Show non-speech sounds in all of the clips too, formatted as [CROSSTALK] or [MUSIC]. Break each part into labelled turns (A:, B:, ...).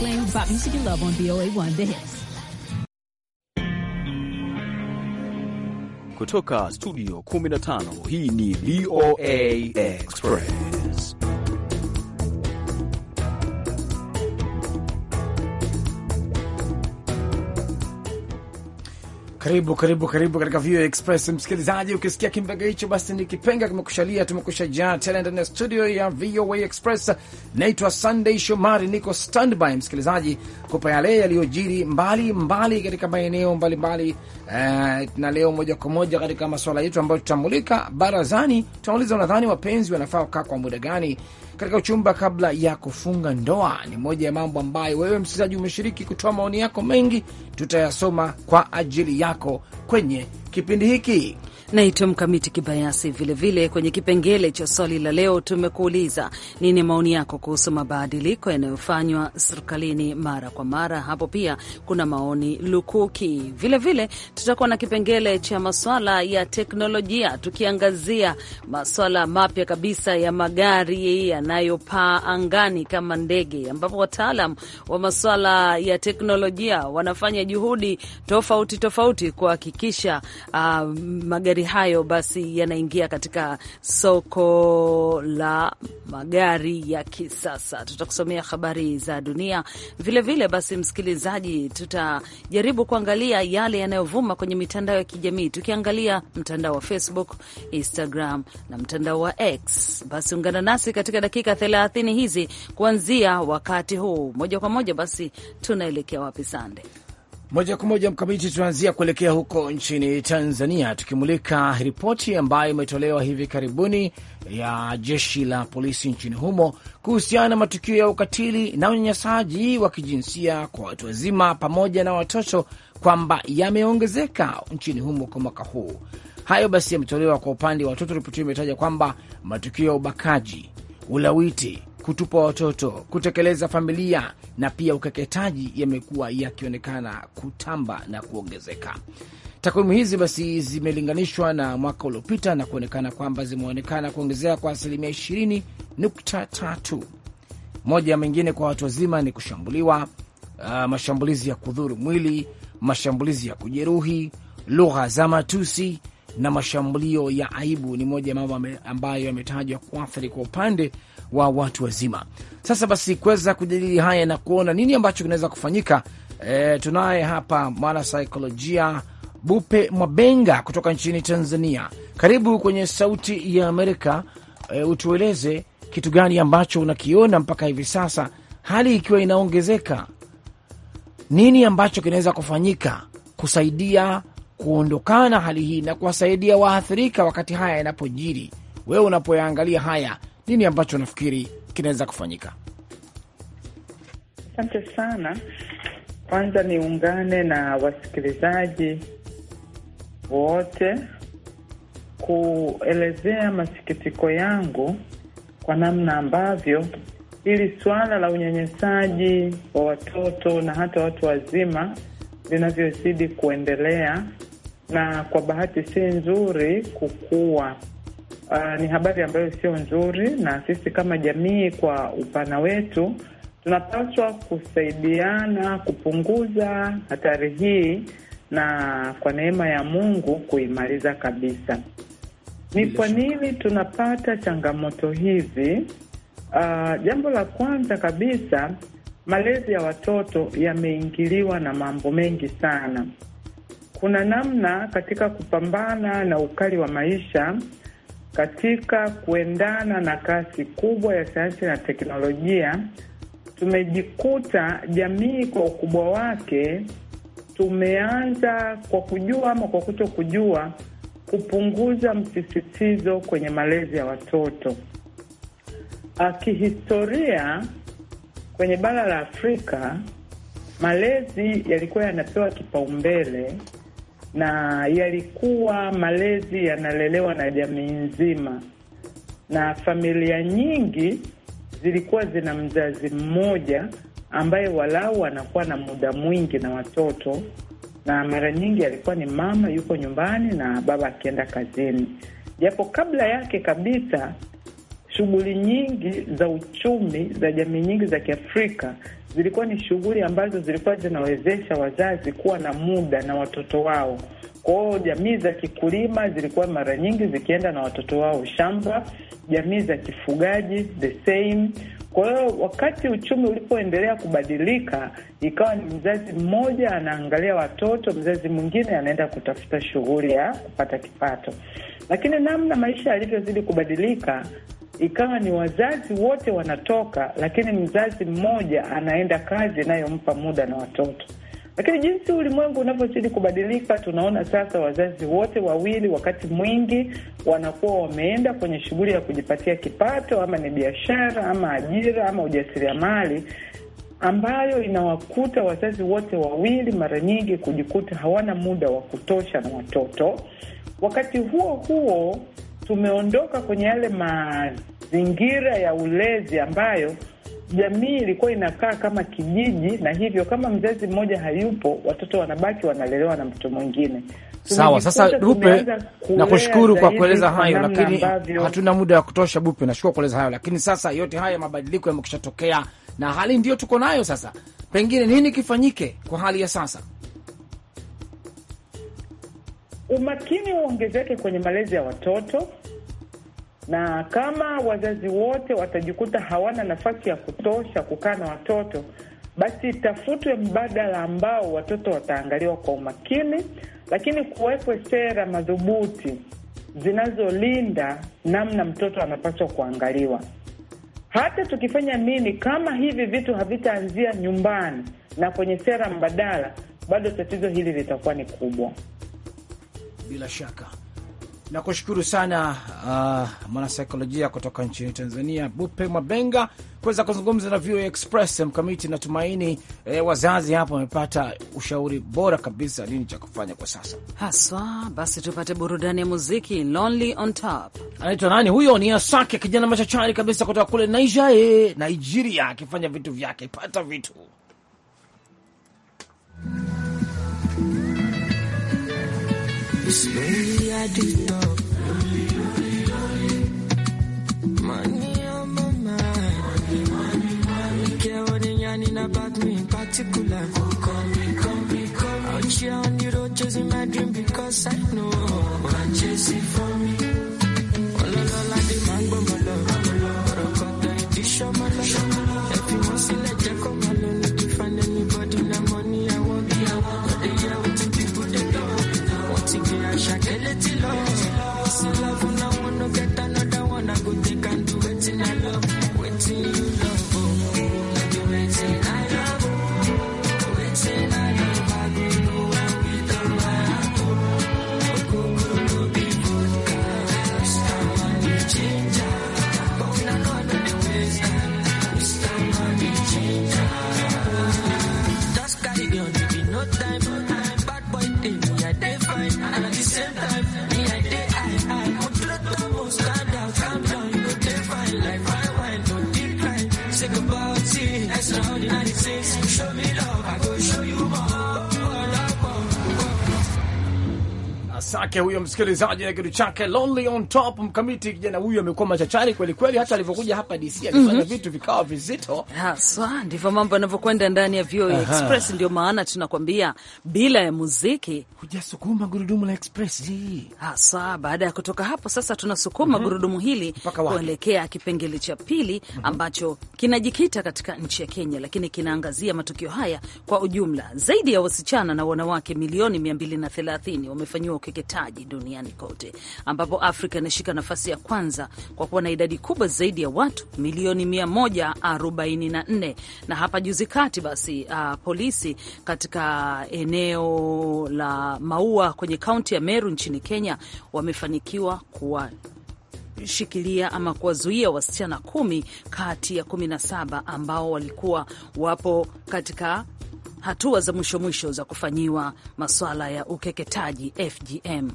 A: playing rock music and love on BOA one The Hits.
B: Kutoka studio 15 hii ni VOA Express.
C: Karibu karibu karibu katika VOA Express msikilizaji, ukisikia kimbega hicho basi ni kipenga kimekushalia, jaa tena ndani ya studio ya VOA Express. Naitwa Sunday Shomari, niko standby msikilizaji kupa yale yaliyojiri mbali mbali katika maeneo mbalimbali Uh, eh, na leo moja kwa moja katika masuala yetu ambayo tutamulika barazani, tunauliza unadhani wapenzi wanafaa kukaa kwa muda gani katika uchumba kabla ya kufunga ndoa ni moja ya mambo ambayo wewe msikilizaji umeshiriki kutoa maoni yako mengi, tutayasoma kwa ajili yako kwenye kipindi hiki. Naitwa Mkamiti Kibayasi. Vilevile kwenye kipengele
A: cha swali la leo tumekuuliza nini maoni yako kuhusu mabadiliko yanayofanywa serikalini mara kwa mara. Hapo pia kuna maoni lukuki. Vilevile tutakuwa na kipengele cha maswala ya teknolojia, tukiangazia maswala mapya kabisa ya magari yanayopaa angani kama ndege, ambapo wataalam wa maswala ya teknolojia wanafanya juhudi tofauti tofauti kuhakikisha uh, magari magari hayo basi yanaingia katika soko la magari ya kisasa. Tutakusomea habari za dunia vilevile vile. Basi msikilizaji, tutajaribu kuangalia yale yanayovuma kwenye mitandao ya kijamii, tukiangalia mtandao wa Facebook, Instagram na mtandao wa X. Basi ungana nasi katika dakika thelathini hizi kuanzia wakati huu moja kwa moja. Basi tunaelekea wapi, Sande?
C: Moja kwa moja mkamiti, tunaanzia kuelekea huko nchini Tanzania, tukimulika ripoti ambayo imetolewa hivi karibuni ya jeshi la polisi nchini humo kuhusiana na matukio ya ukatili na unyanyasaji wa kijinsia kwa watu wazima pamoja na watoto kwamba yameongezeka nchini humo kwa mwaka huu. Hayo basi yametolewa kwa upande wa watoto. Ripoti hiyo imetaja kwamba matukio ya ubakaji, ulawiti kutupa watoto, kutekeleza familia na pia ukeketaji yamekuwa yakionekana kutamba na kuongezeka. Takwimu hizi basi zimelinganishwa na mwaka uliopita na kuonekana kwamba zimeonekana kuongezeka kwa asilimia 20.3. Moja mengine kwa watu wazima ni kushambuliwa, uh, mashambulizi ya kudhuru mwili, mashambulizi ya kujeruhi, lugha za matusi na mashambulio ya aibu ni moja ya mambo ambayo yametajwa kuathiri kwa upande wa watu wazima. Sasa basi kuweza kujadili haya na kuona nini ambacho kinaweza kufanyika, e, tunaye hapa mwanasaikolojia Bupe Mwabenga kutoka nchini Tanzania. Karibu kwenye Sauti ya Amerika. E, utueleze kitu gani ambacho unakiona mpaka hivi sasa, hali ikiwa inaongezeka, nini ambacho kinaweza kufanyika kusaidia kuondokana hali hii na kuwasaidia waathirika wakati haya yanapojiri? Wewe unapoyaangalia haya, nini ambacho unafikiri kinaweza kufanyika?
D: Asante sana. Kwanza niungane na wasikilizaji wote kuelezea masikitiko yangu kwa namna ambavyo hili suala la unyanyasaji wa watoto na hata watu wazima linavyozidi kuendelea na kwa bahati si nzuri kukua. Uh, ni habari ambayo sio nzuri, na sisi kama jamii kwa upana wetu tunapaswa kusaidiana kupunguza hatari hii na kwa neema ya Mungu kuimaliza kabisa. Ni kwa nini tunapata changamoto hizi? Uh, jambo la kwanza kabisa, malezi ya watoto yameingiliwa na mambo mengi sana kuna namna katika kupambana na ukali wa maisha, katika kuendana na kasi kubwa ya sayansi na teknolojia, tumejikuta jamii kwa ukubwa wake tumeanza kwa kujua ama kwa kuto kujua kupunguza msisitizo kwenye malezi ya watoto. Ah, kihistoria, kwenye bara la Afrika malezi yalikuwa yanapewa kipaumbele na yalikuwa malezi yanalelewa na jamii nzima, na familia nyingi zilikuwa zina mzazi mmoja ambaye walau anakuwa na muda mwingi na watoto, na mara nyingi alikuwa ni mama yuko nyumbani na baba akienda kazini, japo kabla yake kabisa shughuli nyingi za uchumi za jamii nyingi za Kiafrika zilikuwa ni shughuli ambazo zilikuwa zinawezesha wazazi kuwa na muda na watoto wao. Kwao jamii za kikulima zilikuwa mara nyingi zikienda na watoto wao shamba, jamii za kifugaji the same. Kwa hiyo wakati uchumi ulipoendelea kubadilika, ikawa ni mzazi mmoja anaangalia watoto, mzazi mwingine anaenda kutafuta shughuli ya kupata kipato. Lakini namna maisha yalivyozidi kubadilika ikawa ni wazazi wote wanatoka, lakini mzazi mmoja anaenda kazi inayompa muda na watoto. Lakini jinsi ulimwengu unavyozidi kubadilika, tunaona sasa wazazi wote wawili wakati mwingi wanakuwa wameenda kwenye shughuli ya kujipatia kipato, ama ni biashara ama ajira ama ujasiriamali, ambayo inawakuta wazazi wote wawili mara nyingi kujikuta hawana muda wa kutosha na watoto. Wakati huo huo tumeondoka kwenye yale mazingira ya ulezi ambayo jamii ilikuwa inakaa kama kijiji, na hivyo kama mzazi mmoja hayupo, watoto wanabaki wanalelewa na mtu mwingine.
C: Sawa. Sasa Bupe, nakushukuru kwa kueleza hayo, lakini hatuna muda wa kutosha. Bupe, nashukuru kueleza hayo, lakini sasa yote haya mabadiliko yamekishatokea na hali ndiyo tuko nayo sasa, pengine nini kifanyike kwa hali ya sasa?
D: umakini uongezeke kwenye malezi ya watoto, na kama wazazi wote watajikuta hawana nafasi ya kutosha kukaa na watoto, basi tafutwe mbadala ambao watoto wataangaliwa kwa umakini, lakini kuwekwe sera madhubuti zinazolinda namna mtoto anapaswa kuangaliwa. Hata tukifanya nini, kama hivi vitu havitaanzia nyumbani na kwenye sera mbadala, bado tatizo hili litakuwa ni kubwa
C: bila shaka. Nakushukuru sana uh, mwanasaikolojia kutoka nchini Tanzania, Bupe Mabenga, kuweza kuzungumza na VOA Express. Mkamiti, natumaini eh, wazazi hapo wamepata ushauri bora kabisa nini cha kufanya kwa sasa
A: haswa. Basi tupate burudani ya muziki. Lonely on Top
C: anaitwa nani huyo? Ni Asake, kijana machachari kabisa kutoka kule Naija, eh, Nigeria, akifanya vitu vyake, pata vitu
E: Slowly I do talk. Money on my mind. care what they about me in particular. Come, come, come. on the road chasing my dream because I know. can for me. Mira.
C: Sake huyo msikilizaji na kitu chake lonely on top. Mkamiti kijana huyu amekuwa machachari kweli kweli, hata alivyokuja hapa DC mhm. alifanya mm -hmm. vitu vikawa vizito haswa. Ndivyo mambo yanavyokwenda
A: ndani ya VOA Express. Ndio maana tunakwambia bila ya muziki hujasukuma
C: gurudumu la Express
A: haswa. Baada ya kutoka hapo sasa tunasukuma mm -hmm. gurudumu hili kuelekea kipengele cha pili mm -hmm. ambacho kinajikita katika nchi ya Kenya, lakini kinaangazia matukio haya kwa ujumla. Zaidi ya wasichana na wanawake milioni 230 wamefanyiwa ukeketaji duniani kote, ambapo Afrika inashika nafasi ya kwanza kwa kuwa na idadi kubwa zaidi ya watu milioni 144. Na hapa juzi kati basi, uh, polisi katika eneo la Maua kwenye kaunti ya Meru nchini Kenya wamefanikiwa kuwa shikilia ama kuwazuia wasichana kumi kati ya kumi na saba ambao walikuwa wapo katika hatua za mwisho mwisho za kufanyiwa maswala ya ukeketaji FGM.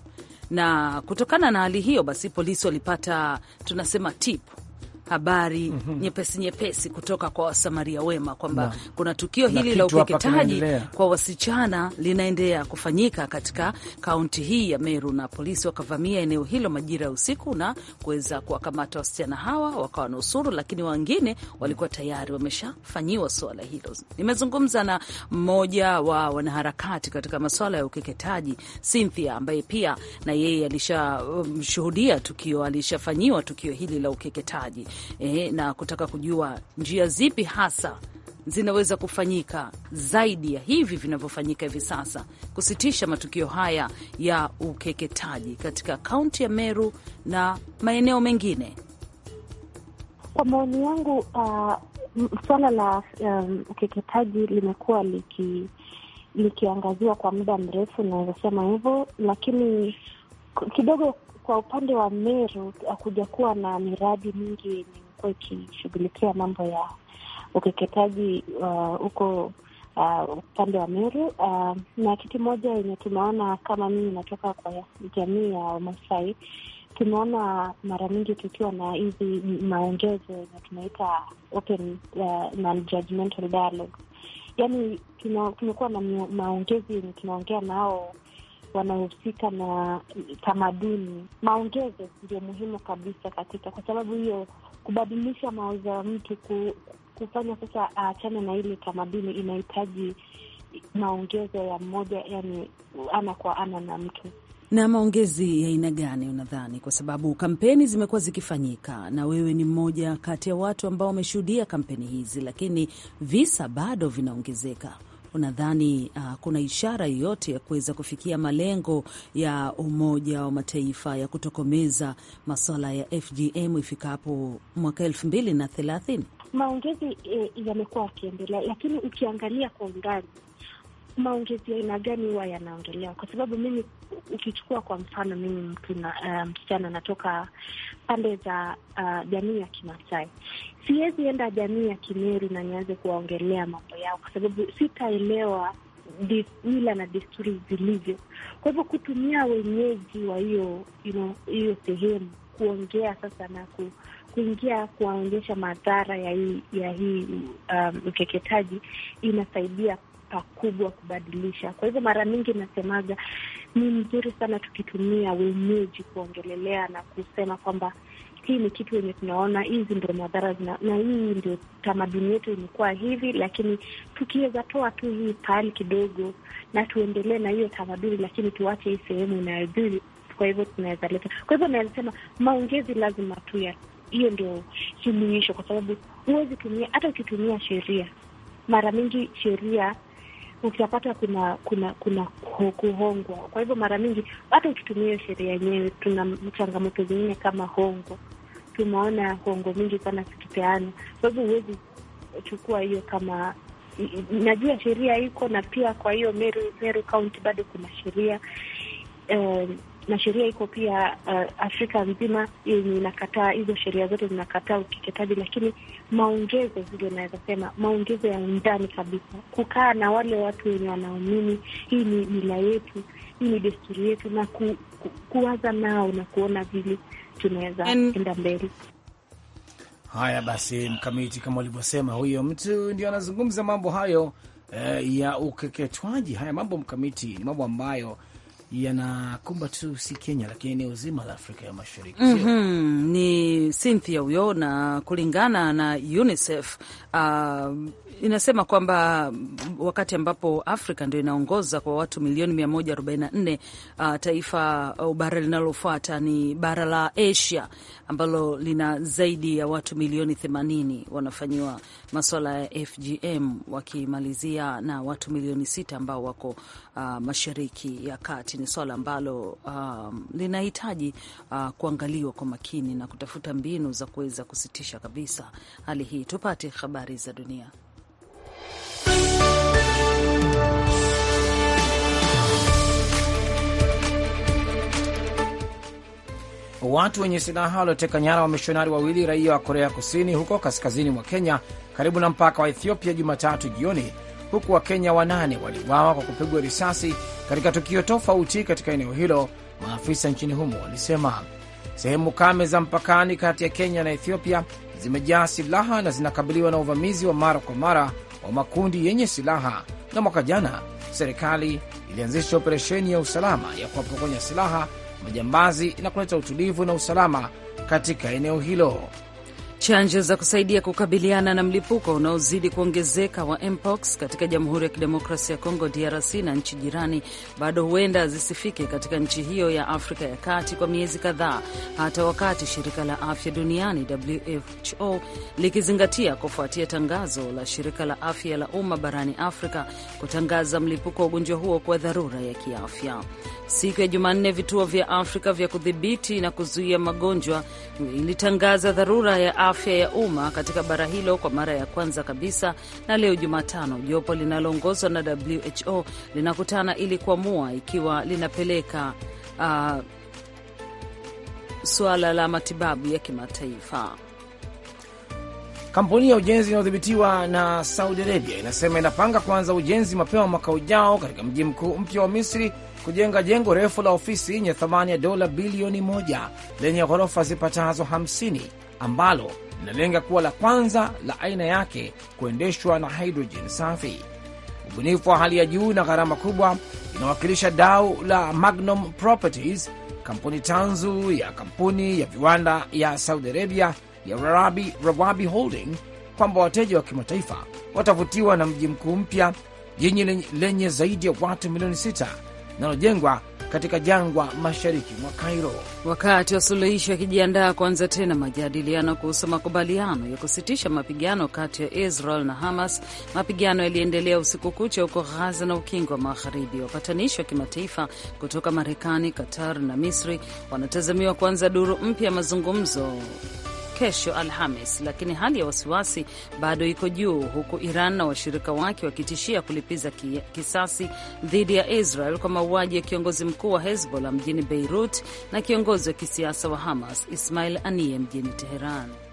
A: Na kutokana na hali hiyo, basi polisi walipata tunasema tip habari mm -hmm. nyepesi nyepesi kutoka kwa wasamaria wema kwamba kuna tukio hili la ukeketaji kwa wasichana linaendelea kufanyika katika kaunti hii ya Meru, na polisi wakavamia eneo hilo majira ya usiku na kuweza kuwakamata wasichana hawa wakawanusuru, lakini wengine walikuwa tayari wameshafanyiwa suala hilo. Nimezungumza na mmoja wa wanaharakati katika masuala ya ukeketaji Cynthia, ambaye pia na yeye alishashuhudia um, tukio, alishafanyiwa tukio hili la ukeketaji eh, na kutaka kujua njia zipi hasa zinaweza kufanyika zaidi ya hivi vinavyofanyika hivi sasa kusitisha matukio haya ya ukeketaji katika kaunti ya Meru na maeneo mengine.
F: Kwa maoni yangu, uh, suala la um, ukeketaji limekuwa liki likiangaziwa kwa muda mrefu, naweza sema hivyo, lakini kidogo kwa upande wa Meru hakuja kuwa na miradi mingi yenye imekuwa ikishughulikia mambo ya ukeketaji uh, huko uh, uh, upande wa Meru uh, na kitu moja yenye tumeona kama mimi inatoka kwa jamii ya Wamasai, tumeona mara nyingi tukiwa na hizi maongezo yenye tunaita open uh, non-judgmental dialogue, yaani tumekuwa na maongezi yenye tunaongea nao wanaohusika na tamaduni. Maongezo ndio muhimu kabisa katika, kwa sababu hiyo kubadilisha mawazo ya mtu ku, kufanya sasa aachane na ile tamaduni inahitaji maongezo ya mmoja, yani ana kwa ana na mtu
A: na maongezi ya aina gani unadhani? Kwa sababu kampeni zimekuwa zikifanyika, na wewe ni mmoja kati ya watu ambao wameshuhudia kampeni hizi, lakini visa bado vinaongezeka unadhani uh, kuna ishara yoyote ya kuweza kufikia malengo ya Umoja wa Mataifa ya kutokomeza masuala ya FGM ifikapo mwaka elfu mbili na thelathini?
F: Maongezi e, yamekuwa yakiendelea, lakini ukiangalia kwa undani maongezi ya aina gani huwa yanaongelewa? Kwa sababu mimi ukichukua kwa mfano, mimi mtu na eh, msichana um, natoka pande za uh, jamii ya Kimasai, siwezi enda jamii ya Kimeru na nianze kuwaongelea mambo yao, kwa sababu sitaelewa mila na desturi zilivyo. Kwa hivyo kutumia wenyeji wa hiyo you know, sehemu kuongea sasa na ku, kuingia kuwaonyesha madhara ya hii ya hii um, ukeketaji inasaidia pakubwa kubadilisha. Kwa hivyo mara mingi nasemaga ni mzuri sana tukitumia wenyeji kuongelelea na kusema kwamba hii ni kitu yenye tunaona, hizi ndio madhara zina, na hii ndio tamaduni yetu imekuwa hivi, lakini tukiweza toa tu hii pahali kidogo, na tuendelee na hiyo tamaduni, lakini tuache hii sehemu inayodhuri. Kwa hivyo tunaweza leta, kwa hivyo naweza sema maongezi lazima tu ya hiyo ndio suluhisho, kwa sababu huwezi tumia, hata ukitumia sheria mara mingi sheria utapata kuna kuna kuna kuhongwa. Kwa hivyo mara mingi hata ukitumia hiyo sheria yenyewe, tuna changamoto zingine kama hongo. Tumeona hongo mingi sana zikipeana, kwa hivyo huwezi chukua hiyo kama najua sheria iko na pia, kwa hiyo Meru, Meru County bado kuna sheria um, na sheria iko pia uh, Afrika nzima yenye inakataa hizo sheria zote zinakataa ukeketaji, lakini maongezo vile naweza sema maongezo ya undani kabisa, kukaa na wale watu wenye wanaamini hii ni mila yetu, hii ni desturi yetu, na ku, ku, kuwaza nao na kuona vile tunaweza enda mbele.
C: Haya basi, mkamiti kama ulivyosema, huyo mtu ndio anazungumza mambo hayo eh, ya ukeketwaji. Haya mambo mkamiti ni mambo ambayo yanakumba tu si Kenya lakini eneo zima la Afrika ya Mashariki. mm
A: -hmm. Ni Cynthia huyo, na kulingana na UNICEF uh, inasema kwamba wakati ambapo Afrika ndio inaongoza kwa watu milioni 144, uh, ah, taifa au uh, bara linalofuata ni bara la Asia ambalo lina zaidi ya watu milioni 80 wanafanyiwa maswala ya FGM wakimalizia na watu milioni sita ambao wako uh, mashariki ya kati nishati ni swala ambalo um, linahitaji uh, kuangaliwa kwa makini na kutafuta mbinu za kuweza kusitisha kabisa hali hii. Tupate habari za dunia.
C: Watu wenye silaha walioteka nyara wamishonari wawili raia wa Korea Kusini huko kaskazini mwa Kenya karibu na mpaka wa Ethiopia Jumatatu jioni huku Wakenya wanane waliuawa kwa kupigwa risasi katika tukio tofauti katika eneo hilo, maafisa nchini humo walisema. Sehemu kame za mpakani kati ya Kenya na Ethiopia zimejaa silaha na zinakabiliwa na uvamizi wa mara kwa mara wa makundi yenye silaha, na mwaka jana serikali ilianzisha operesheni ya usalama ya kuwapokonya silaha majambazi na kuleta utulivu na usalama katika eneo hilo. Chanjo za kusaidia kukabiliana na mlipuko unaozidi kuongezeka wa mpox
A: katika Jamhuri ya Kidemokrasia ya Kongo DRC na nchi jirani bado huenda zisifike katika nchi hiyo ya Afrika ya Kati kwa miezi kadhaa, hata wakati shirika la afya duniani WHO likizingatia kufuatia tangazo la shirika la afya la umma barani Afrika kutangaza mlipuko wa ugonjwa huo kwa dharura ya kiafya. Siku ya Jumanne, vituo vya Afrika vya kudhibiti na kuzuia magonjwa ilitangaza dharura ya afya afya ya umma katika bara hilo kwa mara ya kwanza kabisa, na leo Jumatano jopo linaloongozwa na WHO linakutana ili kuamua ikiwa linapeleka uh, suala la matibabu ya kimataifa.
C: Kampuni ya ujenzi inayodhibitiwa na Saudi Arabia inasema inapanga kuanza ujenzi mapema mwaka ujao katika mji mkuu mpya wa Misri, kujenga jengo refu la ofisi yenye thamani ya dola bilioni moja lenye ghorofa zipatazo 50 ambalo linalenga kuwa la kwanza la aina yake kuendeshwa na hidrojeni safi. Ubunifu wa hali ya juu na gharama kubwa inawakilisha dau la Magnum Properties, kampuni tanzu ya kampuni ya viwanda ya Saudi Arabia ya Rawabi, Rawabi Holding kwamba wateja wa kimataifa watavutiwa na mji mkuu mpya yenye lenye zaidi ya watu milioni sita linalojengwa katika jangwa mashariki mwa Kairo.
A: Wakati wa suluhisho wakijiandaa kuanza tena majadiliano kuhusu makubaliano ya kusitisha mapigano kati ya Israel na Hamas, mapigano yaliendelea usiku kucha huko Ghaza na Ukingo wa Magharibi. Wapatanishi wa kimataifa kutoka Marekani, Qatar na Misri wanatazamiwa kuanza duru mpya ya mazungumzo kesho Alhamis, lakini hali ya wasiwasi bado iko juu, huku Iran na washirika wake wakitishia kulipiza kisasi dhidi ya Israel kwa mauaji ya kiongozi mkuu wa Hezbollah mjini Beirut na kiongozi wa kisiasa wa Hamas Ismail Aniye mjini Teheran.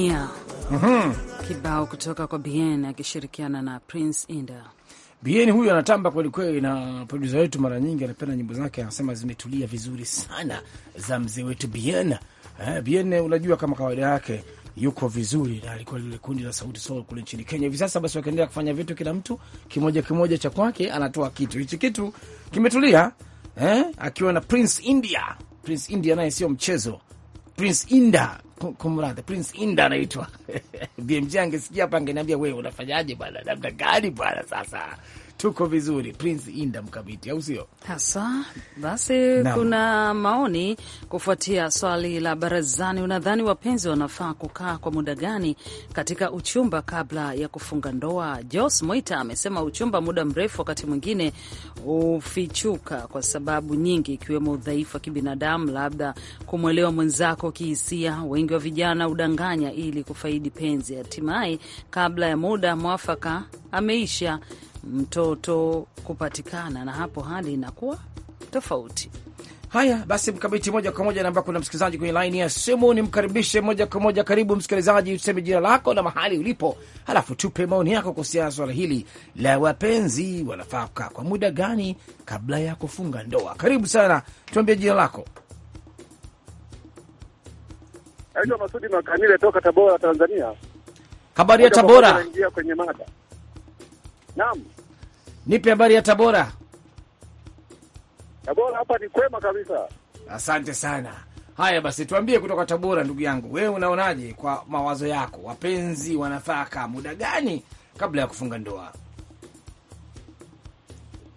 C: dunia mm -hmm. Kibao kutoka kwa Bien akishirikiana na Prince Inda. Bien huyu anatamba kwelikweli, na produsa wetu mara nyingi anapenda nyimbo zake, anasema zimetulia vizuri sana za mzee wetu Bien. Eh, Bien unajua kama kawaida yake yuko vizuri na alikuwa lile kundi la Sauti Sol kule nchini Kenya. Hivi sasa basi wakiendelea kufanya vitu, kila mtu kimoja kimoja cha kwake anatoa kitu. Hichi kitu kimetulia eh, akiwa na Prince India. Prince India naye sio mchezo Prince Inda kumradhi, Prince Inda anaitwa [LAUGHS] BMJ angesikia hapa angeniambia, wewe unafanyaje bwana, labda gani bwana sasa tuko vizuri Prince Inda Mkabiti, au sio? Hasa basi Naam.
A: Kuna maoni kufuatia swali la barazani. Unadhani wapenzi wanafaa kukaa kwa muda gani katika uchumba kabla ya kufunga ndoa? Jos Moita amesema uchumba muda mrefu wakati mwingine hufichuka kwa sababu nyingi, ikiwemo udhaifu wa kibinadamu, labda kumwelewa mwenzako kihisia. Wengi wa vijana hudanganya ili kufaidi penzi, hatimaye kabla ya muda mwafaka ameisha
C: mtoto kupatikana, na hapo hali inakuwa tofauti. Haya basi, Mkamiti, moja kwa moja namba, kuna msikilizaji kwenye laini ya simu, nimkaribishe moja kwa moja. Karibu msikilizaji, tuseme jina lako na mahali ulipo, halafu tupe maoni yako kuhusiana na swala hili la wapenzi wanafaa kukaa kwa muda gani kabla ya kufunga ndoa. Karibu sana, tuambie jina lako.
F: Naitwa Masudi Makanile toka Tabora, Tanzania.
C: Habari ya Tabora.
F: kwenye mada Naam,
C: nipe habari ya Tabora.
F: Tabora hapa ni kwema kabisa.
C: Asante sana. Haya basi, tuambie kutoka Tabora, ndugu yangu, wewe unaonaje, kwa mawazo yako, wapenzi wanafaka muda gani kabla ya kufunga ndoa?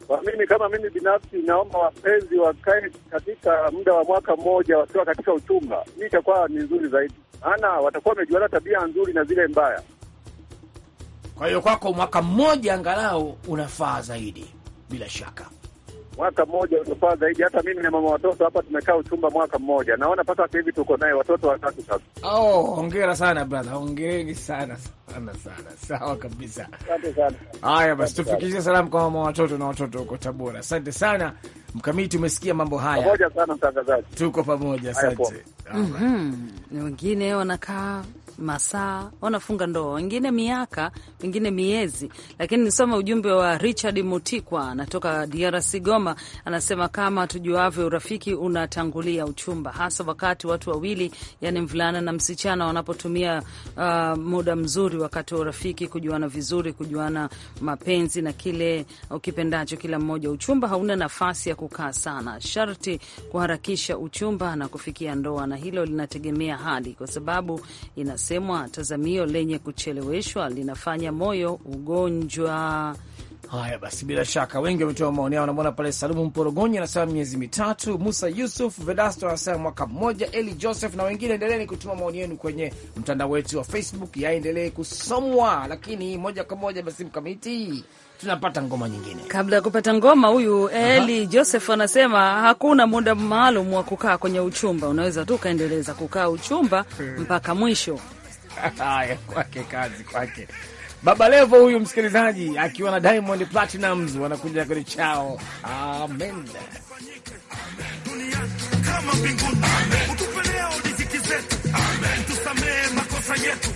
F: Kwa mimi kama mimi binafsi, naomba wapenzi wakae katika muda wa mwaka mmoja wakiwa katika uchumba. Hii itakuwa ni nzuri zaidi, maana watakuwa wamejuana tabia nzuri na zile mbaya.
C: Kwa hiyo kwako mwaka mmoja angalau unafaa zaidi, bila shaka
F: mwaka mmoja unafaa zaidi. Hata mimi na mama watoto hapa tumekaa uchumba mwaka mmoja, naona mpaka sasa hivi tuko naye watoto watatu sasa.
C: Oh, hongera sana brother, hongereni sana sana sana. Sawa kabisa,
F: Haya basi, tufikishe
C: salamu kwa mama watoto na watoto huko Tabora. Asante sana Mkamiti, umesikia mambo haya. Pamoja sana mtangazaji, tuko pamoja. Asante.
A: Mhm. Wengine wanakaa masaa, wanafunga ndoa, wengine miaka, wengine miezi. Lakini nisome ujumbe wa Richard Mutikwa, anatoka DRC Goma, anasema kama tujuavyo, urafiki unatangulia uchumba, hasa wakati watu wawili, yani mvulana na msichana, wanapotumia uh, muda mzuri wakati wa urafiki, kujuana vizuri, kujuana mapenzi na kile ukipendacho kila mmoja. Uchumba hauna nafasi ya kukaa sana, sharti kuharakisha uchumba na kufikia ndoa, na hilo linategemea hali, kwa sababu inas inasemwa tazamio lenye kucheleweshwa linafanya moyo ugonjwa.
C: Haya basi, bila shaka wengi wametoa maoni yao. Namwona pale Salumu Mporogonyi anasema miezi mitatu, Musa Yusuf Vedasto anasema mwaka mmoja, Eli Joseph na wengine, endeleni kutuma maoni yenu kwenye mtandao wetu wa Facebook, yaendelee kusomwa. Lakini moja kwa moja basi, mkamiti tunapata ngoma nyingine.
A: Kabla ya kupata ngoma, huyu Eli Joseph anasema hakuna muda maalum wa kukaa kwenye uchumba, unaweza tu ukaendeleza kukaa uchumba hmm. mpaka mwisho
C: Haya, kwake kazi kwake. Baba Levo huyu msikilizaji akiwa na Diamond Platinums wanakuja kwenye chao. Amen.
E: Amen.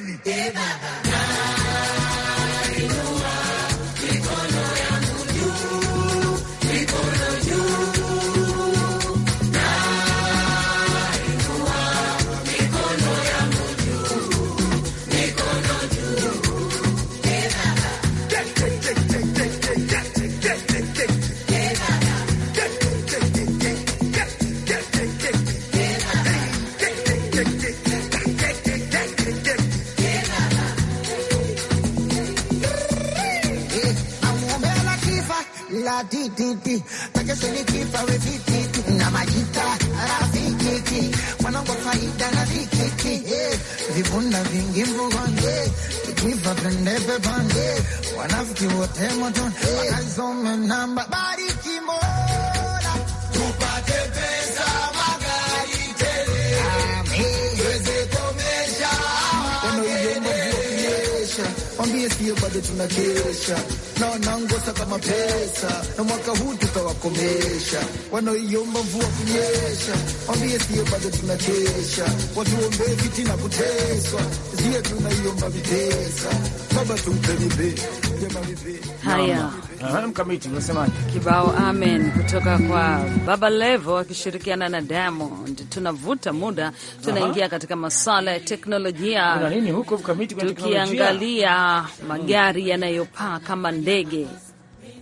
E: money. kila tititi takese nikifa we vititi na majita
C: rafikiki mwanangu faida na vikiki vibunda vingi mvugoni kikifa pendepe pande wanafiki wote moto
E: wakaisome namba barikimo dunia siyo bado tunakesha na wanaongoza kama pesa, na mwaka huu tutawakomesha wanaoiomba mvua kunyesha. Wambie siyo bado tunakesha, watuombee viti kuteswa, siyo
A: tunaiomba vitesa. Baba tumpeni bei Haya, mkamiti unasemaje? Kibao amen kutoka kwa Baba Levo akishirikiana na Diamond. Tunavuta muda, tunaingia katika masuala ya teknolojia. Kuna nini
C: huko mkamiti Tukiangalia
A: hmm. magari yanayopaa kama ndege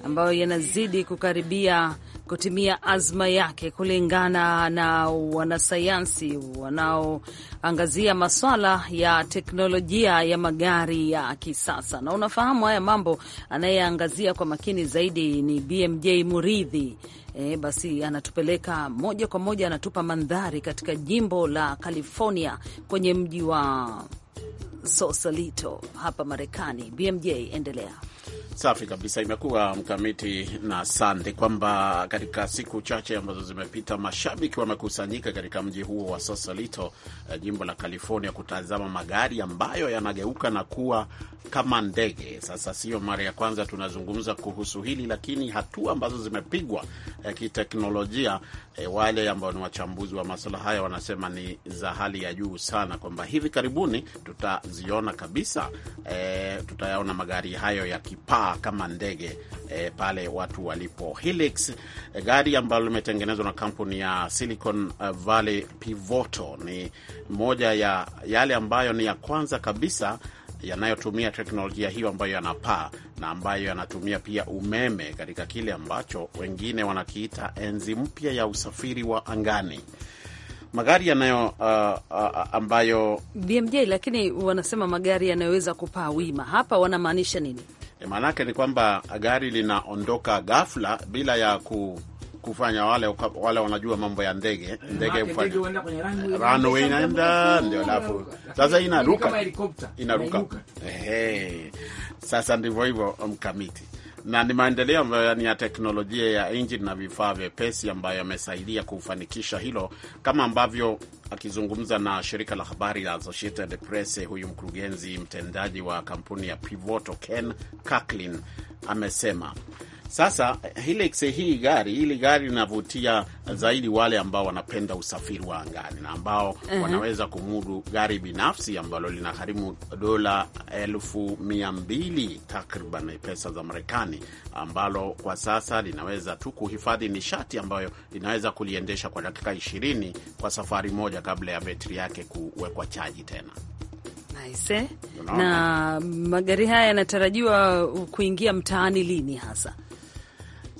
A: ambayo yanazidi kukaribia kutimia azma yake, kulingana na wanasayansi wanaoangazia maswala ya teknolojia ya magari ya kisasa. Na unafahamu haya mambo anayeangazia kwa makini zaidi ni BMJ Muridhi. E, basi anatupeleka moja kwa moja, anatupa mandhari katika jimbo la California kwenye mji wa Sausalito hapa Marekani. BMJ, endelea.
B: Safi kabisa, imekuwa mkamiti na sande kwamba katika siku chache ambazo zimepita mashabiki wamekusanyika katika mji huo wa Sosolito, eh, jimbo la California, kutazama magari ambayo yanageuka na kuwa kama ndege. Sasa sio mara ya kwanza tunazungumza kuhusu hili, lakini hatua ambazo zimepigwa eh, kiteknolojia, eh, wale ambao ni wachambuzi wa maswala haya wanasema ni za hali ya juu sana, kwamba hivi karibuni tutaziona kabisa, tutayaona magari hayo yaki likipaa kama ndege e, pale watu walipo. Helix, e, gari ambalo limetengenezwa na kampuni ya Silicon eh, Valley Pivoto ni moja ya yale ambayo ni ya kwanza kabisa yanayotumia teknolojia hiyo ambayo yanapaa na ambayo yanatumia pia umeme katika kile ambacho wengine wanakiita enzi mpya ya usafiri wa angani magari yanayo uh, uh, ambayo
A: BMJ, lakini wanasema magari yanayoweza kupaa wima, hapa wanamaanisha nini?
B: E, maanake ni kwamba gari linaondoka ghafla bila ya ku kufanya wale wale wanajua mambo ya ndege eh, ndege ufanye
C: runway eh, inaenda ndio, alafu sasa inaruka inaruka.
B: sasa ndivyo hivyo mkamiti na ni maendeleo ambayo ni ya teknolojia ya injini na vifaa vyepesi ambayo yamesaidia kufanikisha hilo, kama ambavyo akizungumza na shirika la habari la Associated Press, huyu mkurugenzi mtendaji wa kampuni ya pivoto Ken caklin amesema sasa Hilux hii gari hili gari linavutia zaidi wale ambao wanapenda usafiri wa angani na ambao uh -huh. wanaweza kumudu gari binafsi ambalo linagharimu dola elfu mia mbili takriban pesa za Marekani, ambalo kwa sasa linaweza tu kuhifadhi nishati ambayo linaweza kuliendesha kwa dakika ishirini kwa safari moja kabla ya betri yake kuwekwa chaji tena.
D: Nice. Eh?
A: Na magari haya yanatarajiwa kuingia mtaani lini hasa?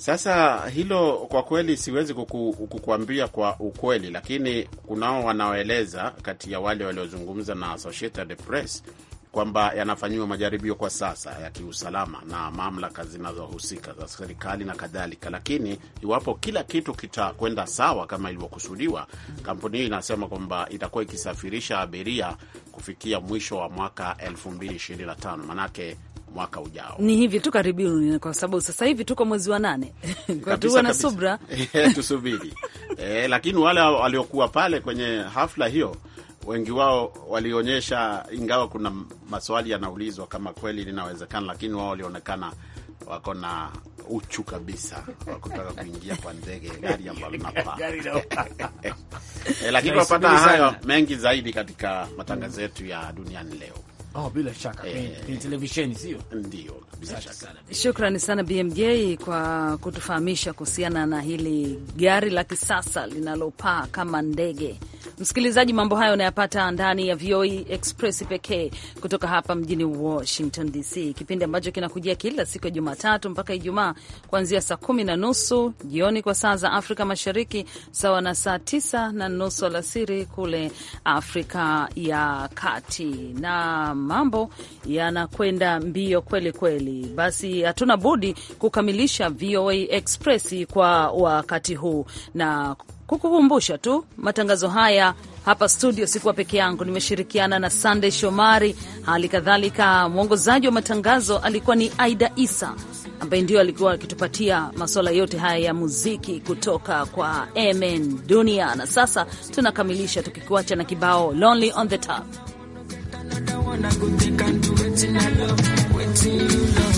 B: Sasa hilo kwa kweli siwezi kuku, kukuambia kwa ukweli, lakini kunao wanaoeleza kati ya wale waliozungumza na Associated Press kwamba yanafanyiwa majaribio kwa sasa ya kiusalama na mamlaka zinazohusika za serikali na kadhalika, lakini iwapo kila kitu kitakwenda sawa kama ilivyokusudiwa, kampuni hii inasema kwamba itakuwa ikisafirisha abiria kufikia mwisho wa mwaka 2025 manake mwaka ujao.
A: Ni hivi tu karibuni, kwa sababu sasa hivi tuko mwezi wa nane [LAUGHS] kwa tuwe na subra
B: [LAUGHS] tusubiri. [LAUGHS] E, lakini wale waliokuwa pale kwenye hafla hiyo wengi wao walionyesha, ingawa kuna maswali yanaulizwa kama kweli linawezekana, lakini wao walionekana wako na uchu kabisa wa kutaka kuingia kwa ndege gari ambalo linapaa. Eh, lakini tunapata hayo mengi zaidi katika matangazo yetu ya duniani leo.
C: Oh, bila shaka
B: eh, televisheni sio ndio? Bila
C: shaka.
A: Shukrani sana BMJ kwa kutufahamisha kuhusiana na hili gari la kisasa linalopaa kama ndege. Msikilizaji, mambo hayo unayapata ndani ya VOA e Express pekee kutoka hapa mjini Washington DC, kipindi ambacho kinakujia kila siku ya Jumatatu mpaka Ijumaa kuanzia saa kumi na nusu jioni kwa saa za Afrika Mashariki, sawa na saa tisa na nusu alasiri kule Afrika ya Kati na mambo yanakwenda mbio kweli kweli. Basi hatuna budi kukamilisha VOA Express kwa wakati huu na kukukumbusha tu matangazo haya hapa studio, sikuwa peke yangu, nimeshirikiana na Sandey Shomari. Hali kadhalika mwongozaji wa matangazo alikuwa ni Aida Isa ambaye ndio alikuwa akitupatia masuala yote haya ya muziki kutoka kwa Mn Dunia. Na sasa tunakamilisha tukikuacha na kibao Lonely on the Top.
E: Like I wanna go, take and do it in I love, waiting you love.